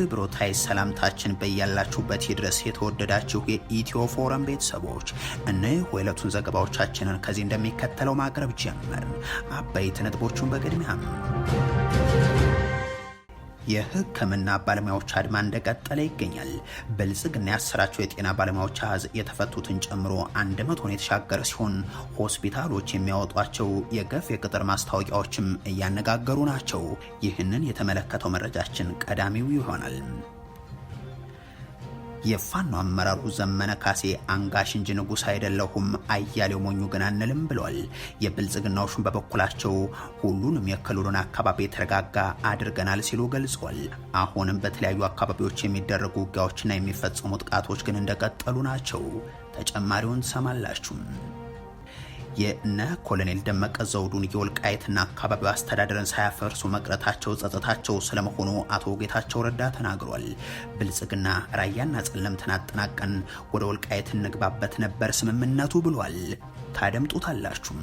ክብሮታይ ሰላምታችን በያላችሁበት ይድረስ። የተወደዳችሁ የኢትዮ ፎረም ቤተሰቦች እነሆ የዕለቱን ዘገባዎቻችንን ከዚህ እንደሚከተለው ማቅረብ ጀመርን። አበይት ነጥቦቹን በቅድሚያ የህክምና ባለሙያዎች አድማ እንደቀጠለ ይገኛል። ብልጽግና ያሰራቸው የጤና ባለሙያዎች አዝ የተፈቱትን ጨምሮ 100ን የተሻገረ ሲሆን ሆስፒታሎች የሚያወጧቸው የገፍ የቅጥር ማስታወቂያዎችም እያነጋገሩ ናቸው። ይህንን የተመለከተው መረጃችን ቀዳሚው ይሆናል። የፋኖ አመራሩ ዘመነ ካሴ አንጋሽ እንጂ ንጉሥ አይደለሁም አያሌው ሞኙ ግን አንልም ብሏል። የብልጽግናዎቹን በበኩላቸው ሁሉንም የክልሉን አካባቢ የተረጋጋ አድርገናል ሲሉ ገልጿል። አሁንም በተለያዩ አካባቢዎች የሚደረጉ ውጊያዎችና የሚፈጸሙ ጥቃቶች ግን እንደቀጠሉ ናቸው። ተጨማሪውን ሰማላችሁም። የነ ኮሎኔል ደመቀ ዘውዱን የወልቃይትና አካባቢ አስተዳደርን ሳያፈርሱ መቅረታቸው ጸጸታቸው ስለመሆኑ አቶ ጌታቸው ረዳ ተናግሯል። ብልጽግና ራያና ጸለምትን አጠናቀን ወደ ወልቃይት እንግባበት ነበር ስምምነቱ ብሏል። ታደምጡታላችሁም።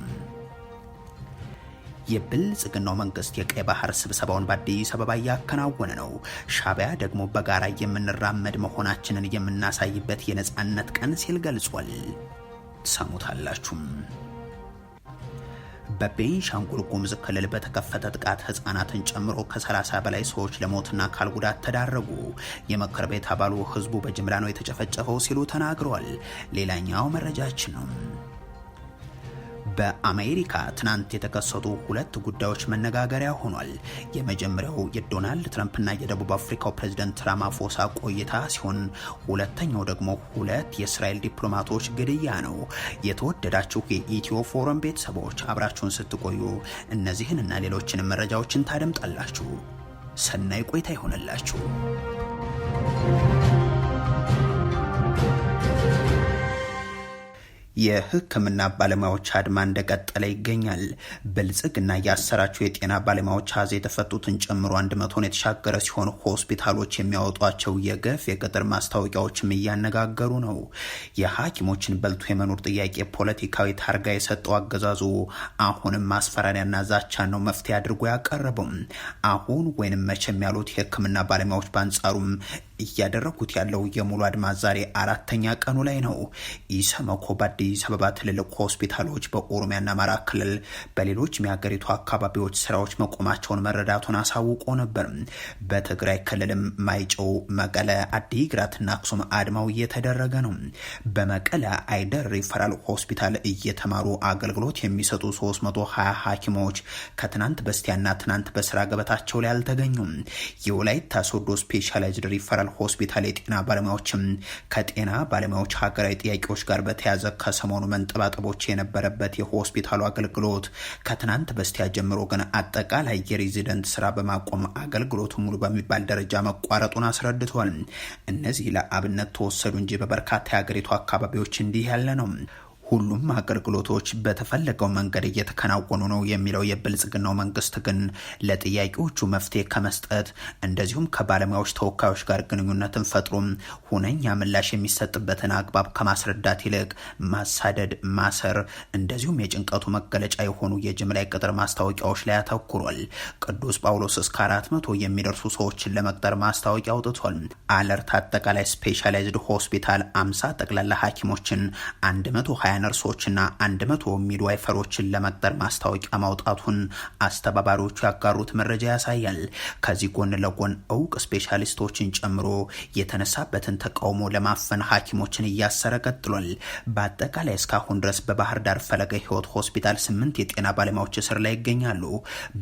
የብልጽግናው መንግስት የቀይ ባህር ስብሰባውን በአዲስ አበባ እያከናወነ ነው። ሻቢያ ደግሞ በጋራ የምንራመድ መሆናችንን የምናሳይበት የነፃነት ቀን ሲል ገልጿል። ሰሙታላችሁም። በቤንሻንጉል ጉምዝ ክልል በተከፈተ ጥቃት ህጻናትን ጨምሮ ከ30 በላይ ሰዎች ለሞትና አካል ጉዳት ተዳረጉ። የምክር ቤት አባሉ ህዝቡ በጅምላ ነው የተጨፈጨፈው ሲሉ ተናግረዋል። ሌላኛው መረጃችን ነው። በአሜሪካ ትናንት የተከሰቱ ሁለት ጉዳዮች መነጋገሪያ ሆኗል። የመጀመሪያው የዶናልድ ትራምፕና የደቡብ አፍሪካው ፕሬዝደንት ራማፎሳ ቆይታ ሲሆን ሁለተኛው ደግሞ ሁለት የእስራኤል ዲፕሎማቶች ግድያ ነው። የተወደዳችሁ የኢትዮ ፎረም ቤተሰቦች አብራችሁን ስትቆዩ እነዚህን እና ሌሎችንም መረጃዎችን ታደምጣላችሁ። ሰናይ ቆይታ ይሆነላችሁ። የህክምና ባለሙያዎች አድማ እንደቀጠለ ይገኛል። ብልጽግና ያሰራቸው የጤና ባለሙያዎች አዘ የተፈቱትን ጨምሮ አንድ መቶን የተሻገረ ሲሆን ሆስፒታሎች የሚያወጧቸው የገፍ የቅጥር ማስታወቂያዎችም እያነጋገሩ ነው። የሐኪሞችን በልቶ የመኖር ጥያቄ ፖለቲካዊ ታርጋ የሰጠው አገዛዙ አሁንም ማስፈራሪያና ዛቻ ነው መፍትሄ አድርጎ ያቀረቡም አሁን ወይንም መቼም ያሉት የህክምና ባለሙያዎች በአንጻሩም እያደረጉት ያለው የሙሉ አድማ ዛሬ አራተኛ ቀኑ ላይ ነው። ኢሰመኮ በአዲስ አበባ ትልልቅ ሆስፒታሎች በኦሮሚያና አማራ ክልል በሌሎች የሀገሪቱ አካባቢዎች ስራዎች መቆማቸውን መረዳቱን አሳውቆ ነበር። በትግራይ ክልልም ማይጨው፣ መቀለ፣ አዲግራትና አክሱም አድማው እየተደረገ ነው። በመቀለ አይደር ሪፈራል ሆስፒታል እየተማሩ አገልግሎት የሚሰጡ 320 ሐኪሞች ከትናንት በስቲያና ትናንት በስራ ገበታቸው ላይ አልተገኙም። የወላይታ ሶዶ ስፔሻላይዝድ ሪፈራል ጀነራል ሆስፒታል የጤና ባለሙያዎችም ከጤና ባለሙያዎች ሀገራዊ ጥያቄዎች ጋር በተያያዘ ከሰሞኑ መንጠባጠቦች የነበረበት የሆስፒታሉ አገልግሎት ከትናንት በስቲያ ጀምሮ ግን አጠቃላይ የሬዚደንት ስራ በማቆም አገልግሎቱ ሙሉ በሚባል ደረጃ መቋረጡን አስረድቷል። እነዚህ ለአብነት ተወሰዱ እንጂ በበርካታ የሀገሪቱ አካባቢዎች እንዲህ ያለ ነው። ሁሉም አገልግሎቶች በተፈለገው መንገድ እየተከናወኑ ነው የሚለው የብልጽግናው መንግስት ግን ለጥያቄዎቹ መፍትሄ ከመስጠት እንደዚሁም ከባለሙያዎች ተወካዮች ጋር ግንኙነትን ፈጥሮም ሁነኛ ምላሽ የሚሰጥበትን አግባብ ከማስረዳት ይልቅ ማሳደድ፣ ማሰር እንደዚሁም የጭንቀቱ መገለጫ የሆኑ የጅምላ ቅጥር ማስታወቂያዎች ላይ አተኩሯል። ቅዱስ ጳውሎስ እስከ አራት መቶ የሚደርሱ ሰዎችን ለመቅጠር ማስታወቂያ አውጥቷል። አለርት አጠቃላይ ስፔሻላይዝድ ሆስፒታል አምሳ ጠቅላላ ሐኪሞችን 120 ባይነርሶችና 100 ሚድዋይፈሮችን ለመቅጠር ማስታወቂያ ማውጣቱን አስተባባሪዎቹ ያጋሩት መረጃ ያሳያል። ከዚህ ጎን ለጎን እውቅ ስፔሻሊስቶችን ጨምሮ የተነሳበትን ተቃውሞ ለማፈን ሐኪሞችን እያሰረ ቀጥሏል። በአጠቃላይ እስካሁን ድረስ በባህር ዳር ፈለገ ህይወት ሆስፒታል ስምንት የጤና ባለሙያዎች እስር ላይ ይገኛሉ።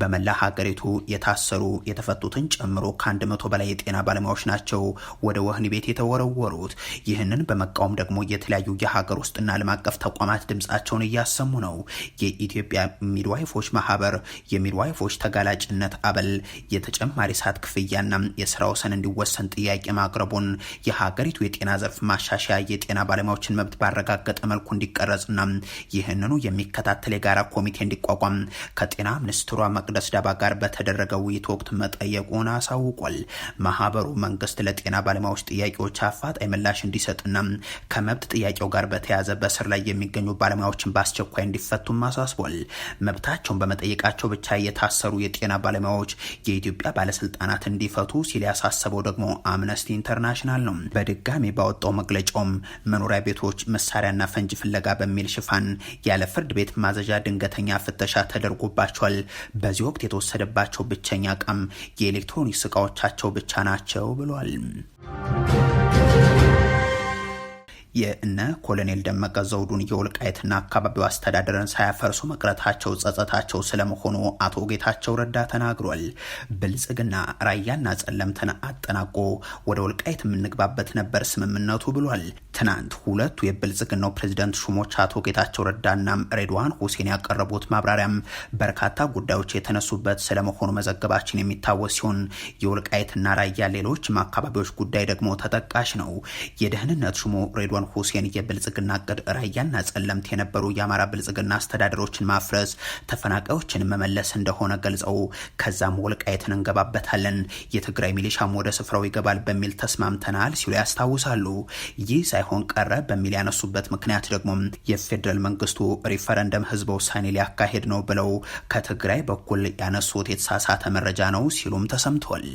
በመላ ሀገሪቱ የታሰሩ የተፈቱትን ጨምሮ ከአንድ መቶ በላይ የጤና ባለሙያዎች ናቸው ወደ ወህኒ ቤት የተወረወሩት። ይህንን በመቃወም ደግሞ የተለያዩ የሀገር ውስጥና ዓለም አቀፍ ተቋማት ድምፃቸውን እያሰሙ ነው። የኢትዮጵያ ሚድዋይፎች ማህበር የሚድዋይፎች ተጋላጭነት አበል የተጨማሪ ሰዓት ክፍያና የስራ ወሰን እንዲወሰን ጥያቄ ማቅረቡን የሀገሪቱ የጤና ዘርፍ ማሻሻያ የጤና ባለሙያዎችን መብት ባረጋገጠ መልኩ እንዲቀረጽና ይህንኑ የሚከታተል የጋራ ኮሚቴ እንዲቋቋም ከጤና ሚኒስትሯ መቅደስ ዳባ ጋር በተደረገ ውይይት ወቅት መጠየቁን አሳውቋል። ማህበሩ መንግስት ለጤና ባለሙያዎች ጥያቄዎች አፋጣኝ ምላሽ እንዲሰጥና ከመብት ጥያቄው ጋር በተያያዘ በስር ላይ የሚገኙ ባለሙያዎችን በአስቸኳይ እንዲፈቱም አሳስቧል። መብታቸውን በመጠየቃቸው ብቻ የታሰሩ የጤና ባለሙያዎች የኢትዮጵያ ባለስልጣናት እንዲፈቱ ሲል ያሳሰበው ደግሞ አምነስቲ ኢንተርናሽናል ነው። በድጋሚ ባወጣው መግለጫውም መኖሪያ ቤቶች መሳሪያና ፈንጂ ፍለጋ በሚል ሽፋን ያለ ፍርድ ቤት ማዘዣ ድንገተኛ ፍተሻ ተደርጎባቸዋል። በዚህ ወቅት የተወሰደባቸው ብቸኛ እቃም የኤሌክትሮኒክስ እቃዎቻቸው ብቻ ናቸው ብሏል። የእነ ኮሎኔል ደመቀ ዘውዱን የወልቃይትና አካባቢው አስተዳደርን ሳያፈርሱ መቅረታቸው ጸጸታቸው ስለመሆኑ አቶ ጌታቸው ረዳ ተናግሯል። ብልጽግና ራያና ጸለምትን አጠናቆ ወደ ወልቃይት የምንግባበት ነበር ስምምነቱ ብሏል። ትናንት ሁለቱ የብልጽግናው ፕሬዚደንት ሹሞች አቶ ጌታቸው ረዳና ሬድዋን ሁሴን ያቀረቡት ማብራሪያም በርካታ ጉዳዮች የተነሱበት ስለመሆኑ መዘገባችን የሚታወስ ሲሆን የወልቃይትና ራያ ሌሎችም አካባቢዎች ጉዳይ ደግሞ ተጠቃሽ ነው። የደህንነት ሹሞ ሬድዋን ሁሴን የብልጽግና እቅድ ራያና ጸለምት የነበሩ የአማራ ብልጽግና አስተዳደሮችን ማፍረስ፣ ተፈናቃዮችን መመለስ እንደሆነ ገልጸው ከዛም ወልቃይትን እንገባበታለን፣ የትግራይ ሚሊሻም ወደ ስፍራው ይገባል በሚል ተስማምተናል ሲሉ ያስታውሳሉ። ይህ ሳይሆን ቀረ በሚል ያነሱበት ምክንያት ደግሞ የፌዴራል መንግስቱ ሪፈረንደም ህዝበ ውሳኔ ሊያካሄድ ነው ብለው ከትግራይ በኩል ያነሱት የተሳሳተ መረጃ ነው ሲሉም ተሰምቷል።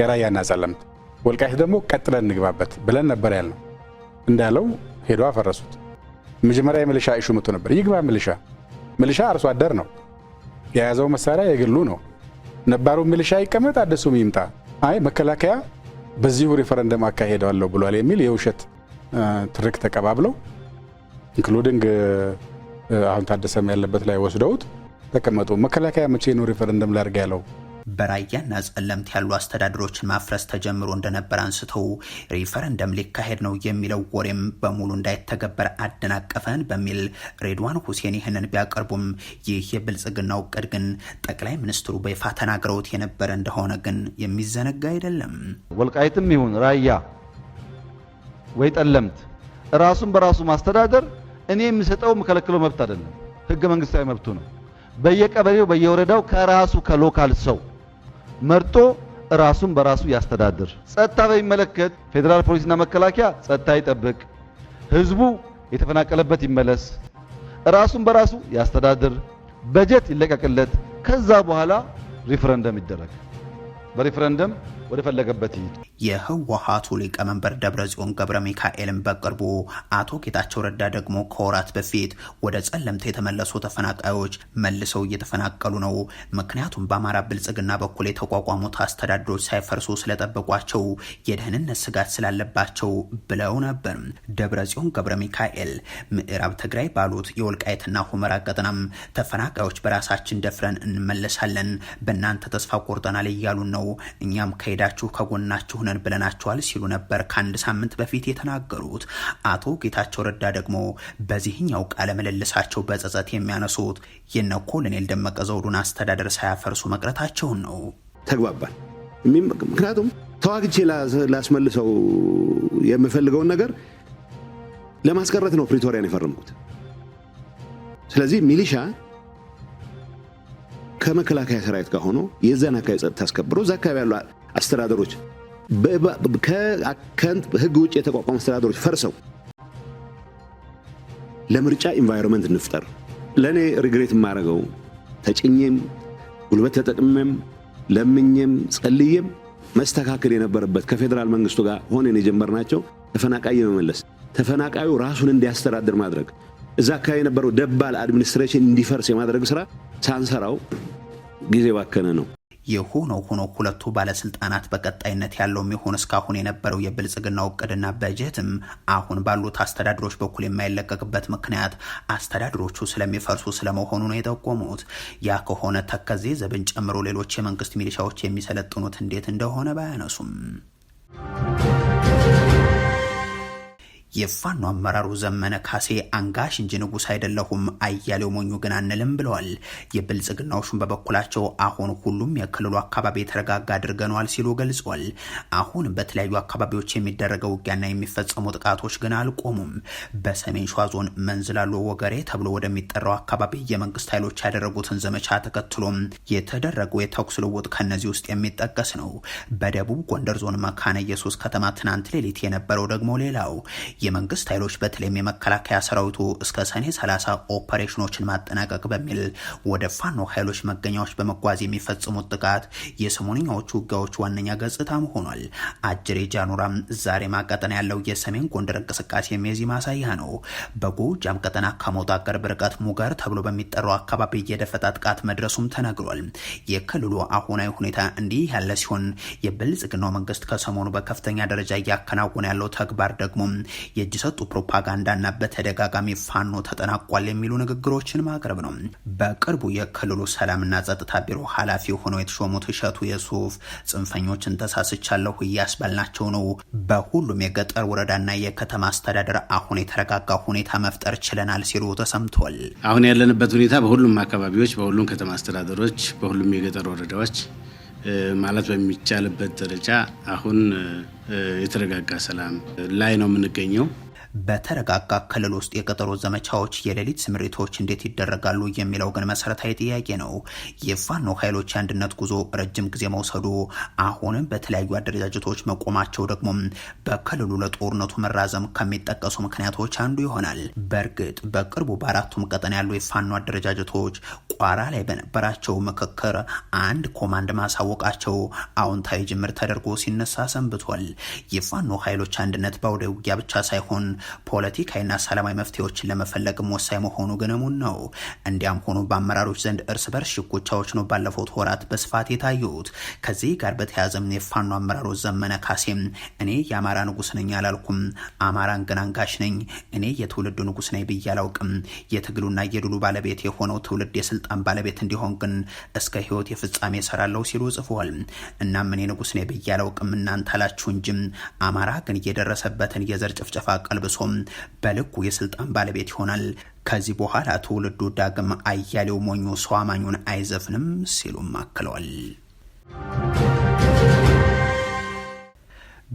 የራያና ጸለምት ወልቃይት ደግሞ ቀጥለን እንግባበት ብለን ነበር ያልነው እንዳለው ሄዶ አፈረሱት። መጀመሪያ የሚሊሻ ኢሹ መጥቶ ነበር። ይግባ ሚሊሻ ሚሊሻ አርሶ አደር ነው የያዘው መሳሪያ የግሉ ነው። ነባሩ ሚሊሻ ይቀመጥ፣ አደሱም ይምጣ። አይ መከላከያ በዚሁ ሪፈረንደም አካሄደዋለሁ ብሏል የሚል የውሸት ትርክ ተቀባብለው ኢንክሉዲንግ አሁን ታደሰም ያለበት ላይ ወስደውት ተቀመጡ። መከላከያ መቼ ነው ሪፈረንደም ላድርግ ያለው? በራያና ጸለምት ያሉ አስተዳደሮችን ማፍረስ ተጀምሮ እንደነበር አንስተው ሪፈረንደም ሊካሄድ ነው የሚለው ወሬም በሙሉ እንዳይተገበር አደናቀፈን በሚል ሬድዋን ሁሴን ይህንን ቢያቀርቡም ይህ የብልጽግናው እቅድ ግን ጠቅላይ ሚኒስትሩ በይፋ ተናግረውት የነበረ እንደሆነ ግን የሚዘነጋ አይደለም። ወልቃይትም ይሁን ራያ ወይ ጠለምት ራሱን በራሱ ማስተዳደር እኔ የምሰጠው የምከለክለው መብት አይደለም፣ ህገ መንግስታዊ መብቱ ነው። በየቀበሌው በየወረዳው ከራሱ ከሎካል ሰው መርጦ ራሱን በራሱ ያስተዳድር። ጸጥታ በሚመለከት ፌዴራል ፖሊስና መከላከያ ጸጥታ ይጠብቅ፣ ህዝቡ የተፈናቀለበት ይመለስ፣ ራሱን በራሱ ያስተዳድር፣ በጀት ይለቀቅለት። ከዛ በኋላ ሪፍረንደም ይደረግ በሪፍረንደም ወደፈለገበት ይሂድ። የህወሀቱ ሊቀመንበር ደብረጽዮን ገብረ ሚካኤልን በቅርቡ አቶ ጌታቸው ረዳ ደግሞ ከወራት በፊት ወደ ጸለምት የተመለሱ ተፈናቃዮች መልሰው እየተፈናቀሉ ነው፣ ምክንያቱም በአማራ ብልጽግና በኩል የተቋቋሙት አስተዳድሮች ሳይፈርሱ ስለጠበቋቸው የደህንነት ስጋት ስላለባቸው ብለው ነበር። ደብረጽዮን ገብረ ሚካኤል ምዕራብ ትግራይ ባሉት የወልቃየትና ሁመራ ቀጠናም ተፈናቃዮች በራሳችን ደፍረን እንመለሳለን፣ በእናንተ ተስፋ ቆርጠናል እያሉን ነው እኛም ከ አካሄዳችሁ ከጎናችሁ ነን ብለናችኋል ሲሉ ነበር ከአንድ ሳምንት በፊት የተናገሩት። አቶ ጌታቸው ረዳ ደግሞ በዚህኛው ቃለ ምልልሳቸው በጸጸት የሚያነሱት የነ ኮሎኔል ደመቀ ዘውዱን አስተዳደር ሳያፈርሱ መቅረታቸውን ነው። ተግባባል። ምክንያቱም ተዋግቼ ላስመልሰው የምፈልገውን ነገር ለማስቀረት ነው ፕሪቶሪያን የፈረምኩት። ስለዚህ ሚሊሻ ከመከላከያ ሰራዊት ጋር ሆኖ የዛን አካባቢ ጸጥታ አስከብሮ እዛ አካባቢ ያሉ አስተዳደሮች ከህግ ውጭ የተቋቋሙ አስተዳደሮች ፈርሰው ለምርጫ ኢንቫይሮንመንት እንፍጠር። ለእኔ ሪግሬት የማደርገው ተጭኜም ጉልበት ተጠቅሜም ለምኜም ጸልዬም መስተካከል የነበረበት ከፌዴራል መንግስቱ ጋር ሆነን የጀመርናቸው ተፈናቃይ የመመለስ ተፈናቃዩ ራሱን እንዲያስተዳድር ማድረግ እዛ አካባቢ የነበረው ደባል አድሚኒስትሬሽን እንዲፈርስ የማድረግ ስራ ሳንሰራው ጊዜ ባከነ ነው። የሆነ ሆኖ ሁለቱ ባለስልጣናት በቀጣይነት ያለው የሚሆን እስካሁን የነበረው የብልጽግና እቅድና በጀትም አሁን ባሉት አስተዳድሮች በኩል የማይለቀቅበት ምክንያት አስተዳድሮቹ ስለሚፈርሱ ስለመሆኑ ነው የጠቆሙት። ያ ከሆነ ተከዜ ዘብን ጨምሮ ሌሎች የመንግስት ሚሊሻዎች የሚሰለጥኑት እንዴት እንደሆነ ባያነሱም የፋኖ አመራሩ ዘመነ ካሴ አንጋሽ እንጂ ንጉስ አይደለሁም አያሌው ሞኙ ግን አንልም ብለዋል። የብልጽግናዎቹን በበኩላቸው አሁን ሁሉም የክልሉ አካባቢ የተረጋጋ አድርገነዋል ሲሉ ገልጿል። አሁን በተለያዩ አካባቢዎች የሚደረገው ውጊያና የሚፈጸሙ ጥቃቶች ግን አልቆሙም። በሰሜን ሸዋ ዞን መንዝላሉ ወገሬ ተብሎ ወደሚጠራው አካባቢ የመንግስት ኃይሎች ያደረጉትን ዘመቻ ተከትሎም የተደረገው የተኩስ ልውውጥ ከእነዚህ ውስጥ የሚጠቀስ ነው። በደቡብ ጎንደር ዞን መካነ ኢየሱስ ከተማ ትናንት ሌሊት የነበረው ደግሞ ሌላው የመንግስት ኃይሎች በተለይም የመከላከያ ሰራዊቱ እስከ ሰኔ 30 ኦፐሬሽኖችን ማጠናቀቅ በሚል ወደ ፋኖ ኃይሎች መገኛዎች በመጓዝ የሚፈጽሙት ጥቃት የሰሞንኛዎቹ ውጊያዎች ዋነኛ ገጽታም ሆኗል። አጅሬ ጃኑራም ዛሬ ማቀጠና ያለው የሰሜን ጎንደር እንቅስቃሴ የሚያዚህ ማሳያ ነው። በጎጃም ቀጠና ከሞጣ ቅርብ ርቀት ሙገር ተብሎ በሚጠራው አካባቢ የደፈጣ ጥቃት መድረሱም ተነግሯል። የክልሉ አሁናዊ ሁኔታ እንዲህ ያለ ሲሆን የብልጽግናው መንግስት ከሰሞኑ በከፍተኛ ደረጃ እያከናወነ ያለው ተግባር ደግሞ የእጅ ሰጡ ፕሮፓጋንዳና በተደጋጋሚ ፋኖ ተጠናቋል የሚሉ ንግግሮችን ማቅረብ ነው። በቅርቡ የክልሉ ሰላምና ጸጥታ ቢሮ ኃላፊ ሆነው የተሾሙት እሸቱ የሱፍ ጽንፈኞችን ተሳስቻለሁ እያስባልናቸው ነው፣ በሁሉም የገጠር ወረዳና የከተማ አስተዳደር አሁን የተረጋጋ ሁኔታ መፍጠር ችለናል ሲሉ ተሰምቷል። አሁን ያለንበት ሁኔታ በሁሉም አካባቢዎች፣ በሁሉም ከተማ አስተዳደሮች፣ በሁሉም የገጠር ወረዳዎች ማለት በሚቻልበት ደረጃ አሁን የተረጋጋ ሰላም ላይ ነው የምንገኘው። በተረጋጋ ክልል ውስጥ የቀጠሮ ዘመቻዎች፣ የሌሊት ስምሪቶች እንዴት ይደረጋሉ የሚለው ግን መሰረታዊ ጥያቄ ነው። የፋኖ ኃይሎች የአንድነት ጉዞ ረጅም ጊዜ መውሰዱ፣ አሁንም በተለያዩ አደረጃጀቶች መቆማቸው ደግሞ በክልሉ ለጦርነቱ መራዘም ከሚጠቀሱ ምክንያቶች አንዱ ይሆናል። በእርግጥ በቅርቡ በአራቱም ቀጠና ያሉ የፋኖ አደረጃጀቶች ቋራ ላይ በነበራቸው ምክክር አንድ ኮማንድ ማሳወቃቸው አዎንታዊ ጅምር ተደርጎ ሲነሳ ሰንብቷል። የፋኖ ኃይሎች አንድነት በአውደ ውጊያ ብቻ ሳይሆን ፖለቲካዊና ሰላማዊ መፍትሄዎችን ለመፈለግም ወሳኝ መሆኑ ግንሙን ነው። እንዲያም ሆኖ በአመራሮች ዘንድ እርስ በርስ ሽኩቻዎች ነው ባለፉት ወራት በስፋት የታዩት። ከዚህ ጋር በተያያዘም የፋኖ አመራሮች ዘመነ ካሴም እኔ የአማራ ንጉስ ነኝ አላልኩም፣ አማራን ግን አንጋሽ ነኝ፣ እኔ የትውልዱ ንጉስ ነኝ ብዬ አላውቅም፣ የትግሉና የድሉ ባለቤት የሆነው ትውልድ የስልጣ የመልካም ባለቤት እንዲሆን ግን እስከ ህይወት የፍጻሜ እሰራለሁ ሲሉ ጽፏል። እናም እኔ ንጉስ ነኝ ብዬ አላውቅም እናንተ አላችሁ እንጂም አማራ ግን እየደረሰበትን የዘር ጭፍጨፋ ቀልብሶም በልኩ የስልጣን ባለቤት ይሆናል። ከዚህ በኋላ ትውልዱ ዳግም አያሌው ሞኙ ሰው አማኙን አይዘፍንም ሲሉም አክለዋል።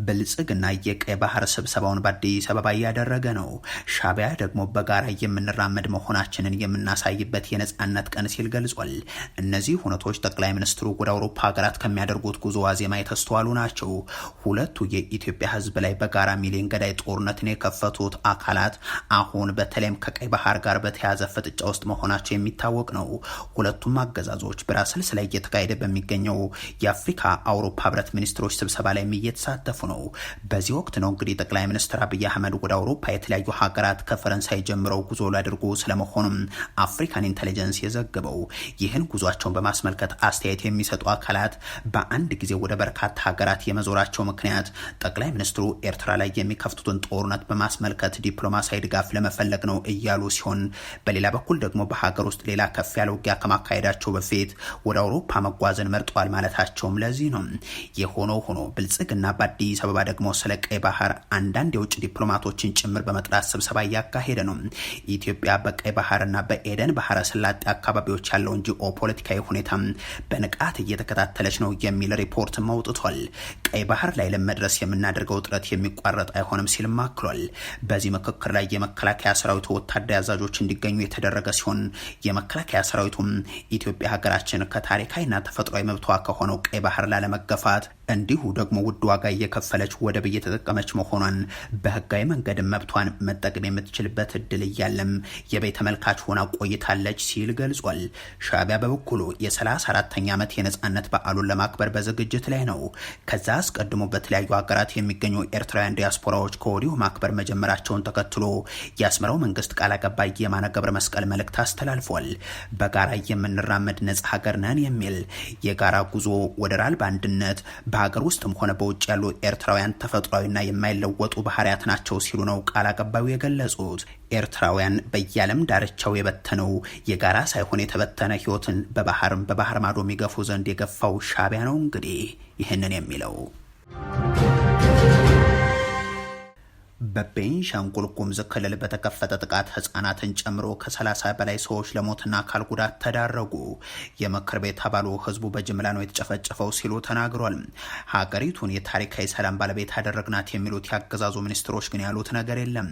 ብልጽግና የቀይ ባህር ስብሰባውን በአዲስ አበባ እያደረገ ነው። ሻቢያ ደግሞ በጋራ የምንራመድ መሆናችንን የምናሳይበት የነጻነት ቀን ሲል ገልጿል። እነዚህ ሁነቶች ጠቅላይ ሚኒስትሩ ወደ አውሮፓ ሀገራት ከሚያደርጉት ጉዞ ዋዜማ የተስተዋሉ ናቸው። ሁለቱ የኢትዮጵያ ሕዝብ ላይ በጋራ ሚሊዮን ገዳይ ጦርነትን የከፈቱት አካላት አሁን በተለይም ከቀይ ባህር ጋር በተያያዘ ፍጥጫ ውስጥ መሆናቸው የሚታወቅ ነው። ሁለቱም አገዛዞች ብራስልስ ላይ እየተካሄደ በሚገኘው የአፍሪካ አውሮፓ ህብረት ሚኒስትሮች ስብሰባ ላይም እየተሳተፉ ነው። በዚህ ወቅት ነው እንግዲህ ጠቅላይ ሚኒስትር አብይ አህመድ ወደ አውሮፓ የተለያዩ ሀገራት ከፈረንሳይ ጀምረው ጉዞ ሊያደርጉ ስለመሆኑም አፍሪካን ኢንቴሊጀንስ የዘገበው። ይህን ጉዟቸውን በማስመልከት አስተያየት የሚሰጡ አካላት በአንድ ጊዜ ወደ በርካታ ሀገራት የመዞራቸው ምክንያት ጠቅላይ ሚኒስትሩ ኤርትራ ላይ የሚከፍቱትን ጦርነት በማስመልከት ዲፕሎማሲያዊ ድጋፍ ለመፈለግ ነው እያሉ ሲሆን፣ በሌላ በኩል ደግሞ በሀገር ውስጥ ሌላ ከፍ ያለ ውጊያ ከማካሄዳቸው በፊት ወደ አውሮፓ መጓዝን መርጠዋል ማለታቸውም ለዚህ ነው። የሆነው ሆኖ ብልጽግና በአዲስ አዲስ አበባ ደግሞ ስለ ቀይ ባህር አንዳንድ የውጭ ዲፕሎማቶችን ጭምር በመጥራት ስብሰባ እያካሄደ ነው። ኢትዮጵያ በቀይ ባህርና በኤደን ባህረ ስላጤ አካባቢዎች ያለውን ጂኦ ፖለቲካዊ ሁኔታ በንቃት እየተከታተለች ነው የሚል ሪፖርት አውጥቷል። ቀይ ባህር ላይ ለመድረስ የምናደርገው ጥረት የሚቋረጥ አይሆንም ሲልም አክሏል። በዚህ ምክክር ላይ የመከላከያ ሰራዊቱ ወታደር አዛዦች እንዲገኙ የተደረገ ሲሆን የመከላከያ ሰራዊቱም ኢትዮጵያ ሀገራችን ከታሪካዊና ተፈጥሯዊ መብቷ ከሆነው ቀይ ባህር ላለመገፋት እንዲሁ ደግሞ ውድ ዋጋ እየከ እየከፈለች ወደብ እየተጠቀመች መሆኗን በህጋዊ መንገድ መብቷን መጠቀም የምትችልበት እድል እያለም የበይ ተመልካች ሆና ቆይታለች ሲል ገልጿል። ሻቢያ በበኩሉ የ34ተኛ ዓመት የነጻነት በዓሉን ለማክበር በዝግጅት ላይ ነው። ከዛ አስቀድሞ በተለያዩ ሀገራት የሚገኙ ኤርትራውያን ዲያስፖራዎች ከወዲሁ ማክበር መጀመራቸውን ተከትሎ የአስመራው መንግስት ቃል አቀባይ የማነ ገብረ መስቀል መልእክት አስተላልፏል። በጋራ የምንራመድ ነጻ ሀገር ነን የሚል የጋራ ጉዞ ወደራል በአንድነት በሀገር ውስጥም ሆነ በውጭ ያሉ ኤርትራውያን ተፈጥሯዊና የማይለወጡ ባህሪያት ናቸው ሲሉ ነው ቃል አቀባዩ የገለጹት። ኤርትራውያን በየዓለም ዳርቻው የበተነው የጋራ ሳይሆን የተበተነ ህይወትን በባህርም በባህር ማዶ የሚገፉ ዘንድ የገፋው ሻቢያ ነው እንግዲህ ይህንን የሚለው በቤንሻንጉል ጉሙዝ ክልል በተከፈተ ጥቃት ህጻናትን ጨምሮ ከ30 በላይ ሰዎች ለሞትና አካል ጉዳት ተዳረጉ። የምክር ቤት አባሉ ህዝቡ በጅምላ ነው የተጨፈጨፈው ሲሉ ተናግሯል። ሀገሪቱን የታሪካዊ ሰላም ባለቤት አደረግናት የሚሉት የአገዛዙ ሚኒስትሮች ግን ያሉት ነገር የለም።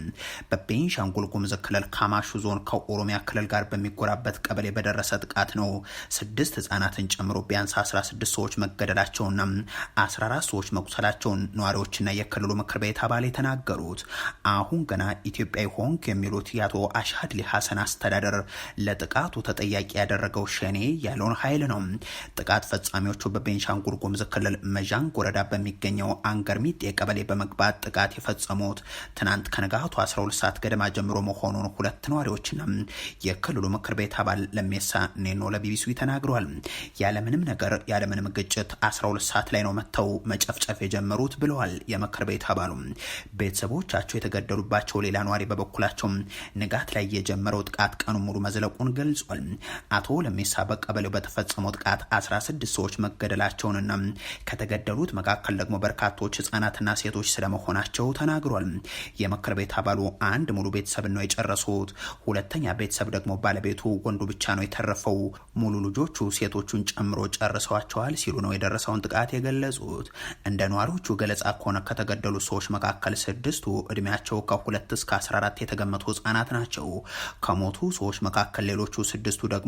በቤንሻንጉል ጉሙዝ ክልል ካማሹ ዞን ከኦሮሚያ ክልል ጋር በሚጎራበት ቀበሌ በደረሰ ጥቃት ነው ስድስት ህጻናትን ጨምሮ ቢያንስ 16 ሰዎች መገደላቸውና 14 ሰዎች መቁሰላቸውን ነዋሪዎችና የክልሉ ምክር ቤት አባል የተናገሩት። አሁን ገና ኢትዮጵያዊ ሆንክ የሚሉት የአቶ አሻድሊ ሀሰን አስተዳደር ለጥቃቱ ተጠያቂ ያደረገው ሸኔ ያለውን ኃይል ነው። ጥቃት ፈጻሚዎቹ በቤንሻንጉል ጉሙዝ ክልል መዣንግ ወረዳ በሚገኘው አንገርሚጤ ቀበሌ በመግባት ጥቃት የፈጸሙት ትናንት ከንጋቱ 12 ሰዓት ገደማ ጀምሮ መሆኑን ሁለት ነዋሪዎችና የክልሉ ምክር ቤት አባል ለሜሳ ኔኖ ለቢቢሲ ተናግረዋል። ያለምንም ነገር ያለምንም ግጭት 12 ሰዓት ላይ ነው መጥተው መጨፍጨፍ የጀመሩት ብለዋል የምክር ቤት አባሉ ቤተሰቦች ቤታቸው የተገደሉባቸው ሌላ ነዋሪ በበኩላቸው ንጋት ላይ የጀመረው ጥቃት ቀኑን ሙሉ መዝለቁን ገልጿል። አቶ ለሜሳ በቀበሌው በተፈጸመው ጥቃት 16 ሰዎች መገደላቸውንና ከተገደሉት መካከል ደግሞ በርካቶች ህጻናትና ሴቶች ስለመሆናቸው ተናግሯል። የምክር ቤት አባሉ አንድ ሙሉ ቤተሰብ ነው የጨረሱት። ሁለተኛ ቤተሰብ ደግሞ ባለቤቱ ወንዱ ብቻ ነው የተረፈው። ሙሉ ልጆቹ ሴቶቹን ጨምሮ ጨርሰዋቸዋል ሲሉ ነው የደረሰውን ጥቃት የገለጹት። እንደ ነዋሪዎቹ ገለጻ ከሆነ ከተገደሉ ሰዎች መካከል ስድስቱ እድሜያቸው ከሁለት እስከ 14 የተገመቱ ህጻናት ናቸው። ከሞቱ ሰዎች መካከል ሌሎቹ ስድስቱ ደግሞ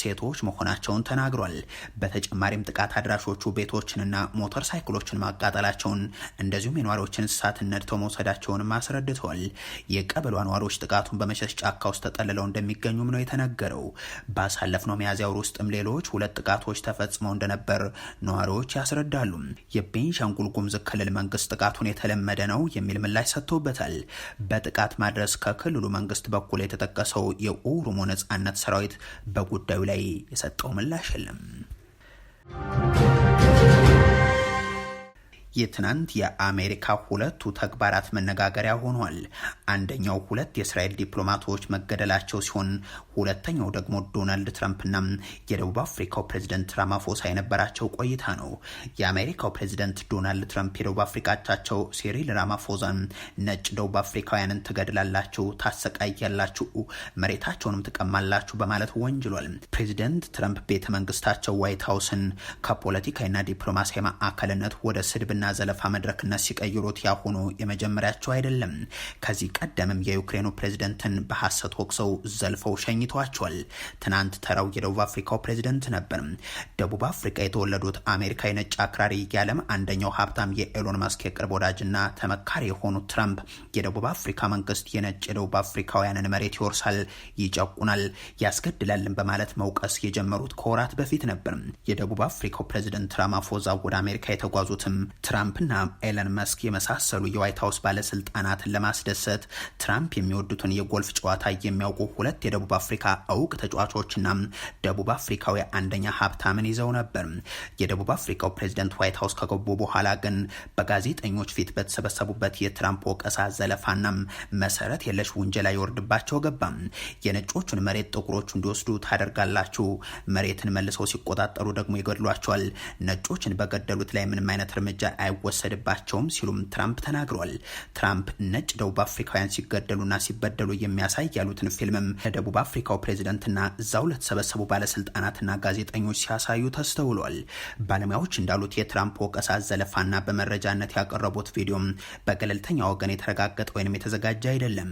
ሴቶች መሆናቸውን ተናግሯል። በተጨማሪም ጥቃት አድራሾቹ ቤቶችንና ሞተር ሳይክሎችን ማቃጠላቸውን እንደዚሁም የነዋሪዎችን እንስሳት ነድተው መውሰዳቸውንም አስረድተዋል። የቀበሏ ነዋሪዎች ጥቃቱን በመሸሽ ጫካ ውስጥ ተጠልለው እንደሚገኙም ነው የተነገረው። ባሳለፍነው ሚያዝያ ወር ውስጥም ሌሎች ሁለት ጥቃቶች ተፈጽመው እንደነበር ነዋሪዎች ያስረዳሉ። የቤንሻንጉል ጉምዝ ክልል መንግስት ጥቃቱን የተለመደ ነው የሚል ምላሽ ሰጥ ተሰጥቶበታል። በጥቃት ማድረስ ከክልሉ መንግስት በኩል የተጠቀሰው የኦሮሞ ነጻነት ሰራዊት በጉዳዩ ላይ የሰጠው ምላሽ የለም። የትናንት የአሜሪካ ሁለቱ ተግባራት መነጋገሪያ ሆኗል። አንደኛው ሁለት የእስራኤል ዲፕሎማቶች መገደላቸው ሲሆን ሁለተኛው ደግሞ ዶናልድ ትራምፕና የደቡብ አፍሪካው ፕሬዝደንት ራማፎሳ የነበራቸው ቆይታ ነው። የአሜሪካው ፕሬዝደንት ዶናልድ ትራምፕ የደቡብ አፍሪካ አቻቸው ሲሪል ራማፎዛን ነጭ ደቡብ አፍሪካውያንን ትገድላላችሁ፣ ታሰቃያላችሁ፣ መሬታቸውንም ትቀማላችሁ በማለት ወንጅሏል። ፕሬዚደንት ትራምፕ ቤተ መንግስታቸው ዋይት ሀውስን ከፖለቲካዊና ዲፕሎማሲያዊ ማዕከልነት ወደ ስድብ ውንብድና ዘለፋ መድረክነት ሲቀይሩት ያሁኑ የመጀመሪያቸው አይደለም። ከዚህ ቀደምም የዩክሬኑ ፕሬዝደንትን በሐሰት ወቅሰው ዘልፈው ሸኝተዋቸዋል። ትናንት ተራው የደቡብ አፍሪካው ፕሬዝደንት ነበር። ደቡብ አፍሪካ የተወለዱት አሜሪካ የነጭ አክራሪ የዓለም አንደኛው ሀብታም የኤሎን መስክ የቅርብ ወዳጅና ተመካሪ የሆኑት ትራምፕ የደቡብ አፍሪካ መንግስት የነጭ የደቡብ አፍሪካውያንን መሬት ይወርሳል፣ ይጨቁናል፣ ያስገድላልን በማለት መውቀስ የጀመሩት ከወራት በፊት ነበር። የደቡብ አፍሪካው ፕሬዝደንት ራማፎዛ ወደ አሜሪካ የተጓዙትም ትራምፕና ኤለን መስክ የመሳሰሉ የዋይት ሀውስ ባለስልጣናትን ለማስደሰት ትራምፕ የሚወዱትን የጎልፍ ጨዋታ የሚያውቁ ሁለት የደቡብ አፍሪካ እውቅ ተጫዋቾችና ደቡብ አፍሪካዊ አንደኛ ሀብታምን ይዘው ነበር። የደቡብ አፍሪካው ፕሬዚደንት ዋይት ሀውስ ከገቡ በኋላ ግን በጋዜጠኞች ፊት በተሰበሰቡበት የትራምፕ ወቀሳ፣ ዘለፋና መሰረት የለሽ ውንጀላ ይወርድባቸው ገባ። የነጮቹን መሬት ጥቁሮቹ እንዲወስዱ ታደርጋላችሁ፣ መሬትን መልሰው ሲቆጣጠሩ ደግሞ ይገድሏቸዋል። ነጮችን በገደሉት ላይ ምንም አይነት እርምጃ አይወሰድባቸውም ሲሉም ትራምፕ ተናግሯል። ትራምፕ ነጭ ደቡብ አፍሪካውያን ሲገደሉና ሲበደሉ የሚያሳይ ያሉትን ፊልምም ለደቡብ አፍሪካው ፕሬዚደንትና እዛው ለተሰበሰቡ ባለስልጣናትና ጋዜጠኞች ሲያሳዩ ተስተውሏል። ባለሙያዎች እንዳሉት የትራምፕ ወቀሳ ዘለፋና በመረጃነት ያቀረቡት ቪዲዮም በገለልተኛ ወገን የተረጋገጠ ወይንም የተዘጋጀ አይደለም።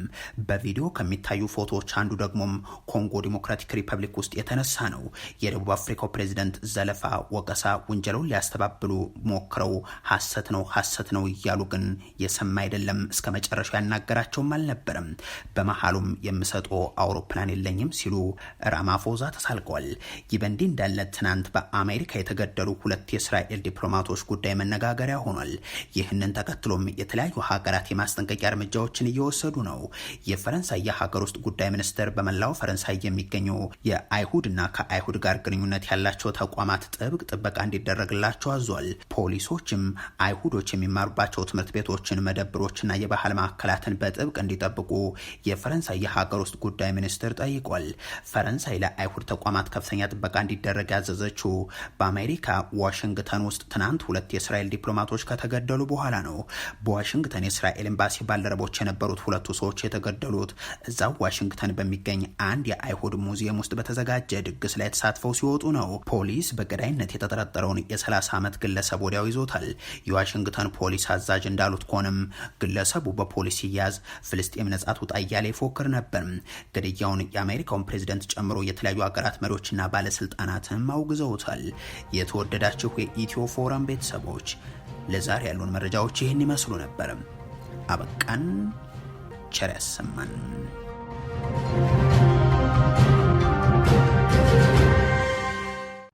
በቪዲዮ ከሚታዩ ፎቶዎች አንዱ ደግሞም ኮንጎ ዲሞክራቲክ ሪፐብሊክ ውስጥ የተነሳ ነው። የደቡብ አፍሪካው ፕሬዚደንት ዘለፋ፣ ወቀሳ፣ ውንጀላውን ሊያስተባብሉ ሞክረው ሐሰት ነው ሐሰት ነው እያሉ ግን የሰማ አይደለም እስከ መጨረሻው ያናገራቸውም አልነበረም። በመሀሉም የምሰጦ አውሮፕላን የለኝም ሲሉ ራማፎዛ ተሳልቀዋል። ይህ በእንዲህ እንዳለ ትናንት በአሜሪካ የተገደሉ ሁለት የእስራኤል ዲፕሎማቶች ጉዳይ መነጋገሪያ ሆኗል። ይህንን ተከትሎም የተለያዩ ሀገራት የማስጠንቀቂያ እርምጃዎችን እየወሰዱ ነው። የፈረንሳይ የሀገር ውስጥ ጉዳይ ሚኒስትር በመላው ፈረንሳይ የሚገኙ የአይሁድና ከአይሁድ ጋር ግንኙነት ያላቸው ተቋማት ጥብቅ ጥበቃ እንዲደረግላቸው አዟል። ፖሊሶችም አይሁዶች የሚማሩባቸው ትምህርት ቤቶችን፣ መደብሮችና የባህል ማዕከላትን በጥብቅ እንዲጠብቁ የፈረንሳይ የሀገር ውስጥ ጉዳይ ሚኒስትር ጠይቋል። ፈረንሳይ ለአይሁድ ተቋማት ከፍተኛ ጥበቃ እንዲደረግ ያዘዘችው በአሜሪካ ዋሽንግተን ውስጥ ትናንት ሁለት የእስራኤል ዲፕሎማቶች ከተገደሉ በኋላ ነው። በዋሽንግተን የእስራኤል ኤምባሲ ባልደረቦች የነበሩት ሁለቱ ሰዎች የተገደሉት እዛው ዋሽንግተን በሚገኝ አንድ የአይሁድ ሙዚየም ውስጥ በተዘጋጀ ድግስ ላይ ተሳትፈው ሲወጡ ነው። ፖሊስ በገዳይነት የተጠረጠረውን የ30 ዓመት ግለሰብ ወዲያው ይዞታል። የዋሽንግተን ፖሊስ አዛዥ እንዳሉት ከሆነም ግለሰቡ በፖሊስ ሲያዝ ፍልስጤም ነጻ ትውጣ እያለ ይፎክር ነበር። ግድያውን የአሜሪካውን ፕሬዚደንት ጨምሮ የተለያዩ ሀገራት መሪዎችና ባለስልጣናትም አውግዘውታል። የተወደዳችሁ የኢትዮ ፎረም ቤተሰቦች ለዛሬ ያሉን መረጃዎች ይህን ይመስሉ ነበር። አበቃን። ቸር ያሰማን።